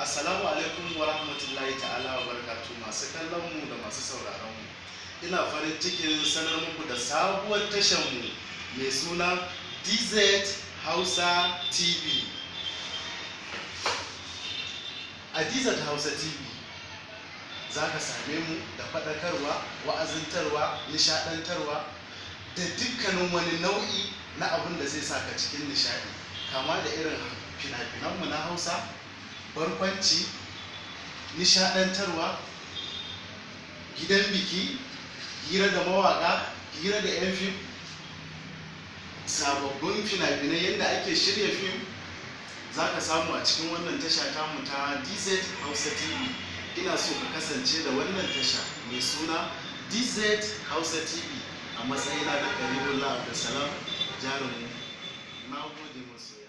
Assalamu alaikum wa rahmatullahi ta'ala wa barakatu masu kallon mu da masu sauraron mu. Ina farin cikin sanar muku da sabuwar tashar mu mai suna DZ Hausa TV. A DZ Hausa TV za ka same mu da faɗakarwa, wa'azantarwa, nishaɗantarwa da dukkanin wani nau'i na abin da zai saka cikin nishaɗi. Kama da irin fina-finanmu na Hausa barkwanci nishadantarwa gidan biki hira da mawaka hira da 'yan fim sababbin fina-finai yadda ake shirya fim za ka samu a cikin wannan tasha ta ta dz hausa tv ina so ka kasance da wannan tasha mai suna dz hausa tv a matsayina da karibullah salam jarumin na gode masoya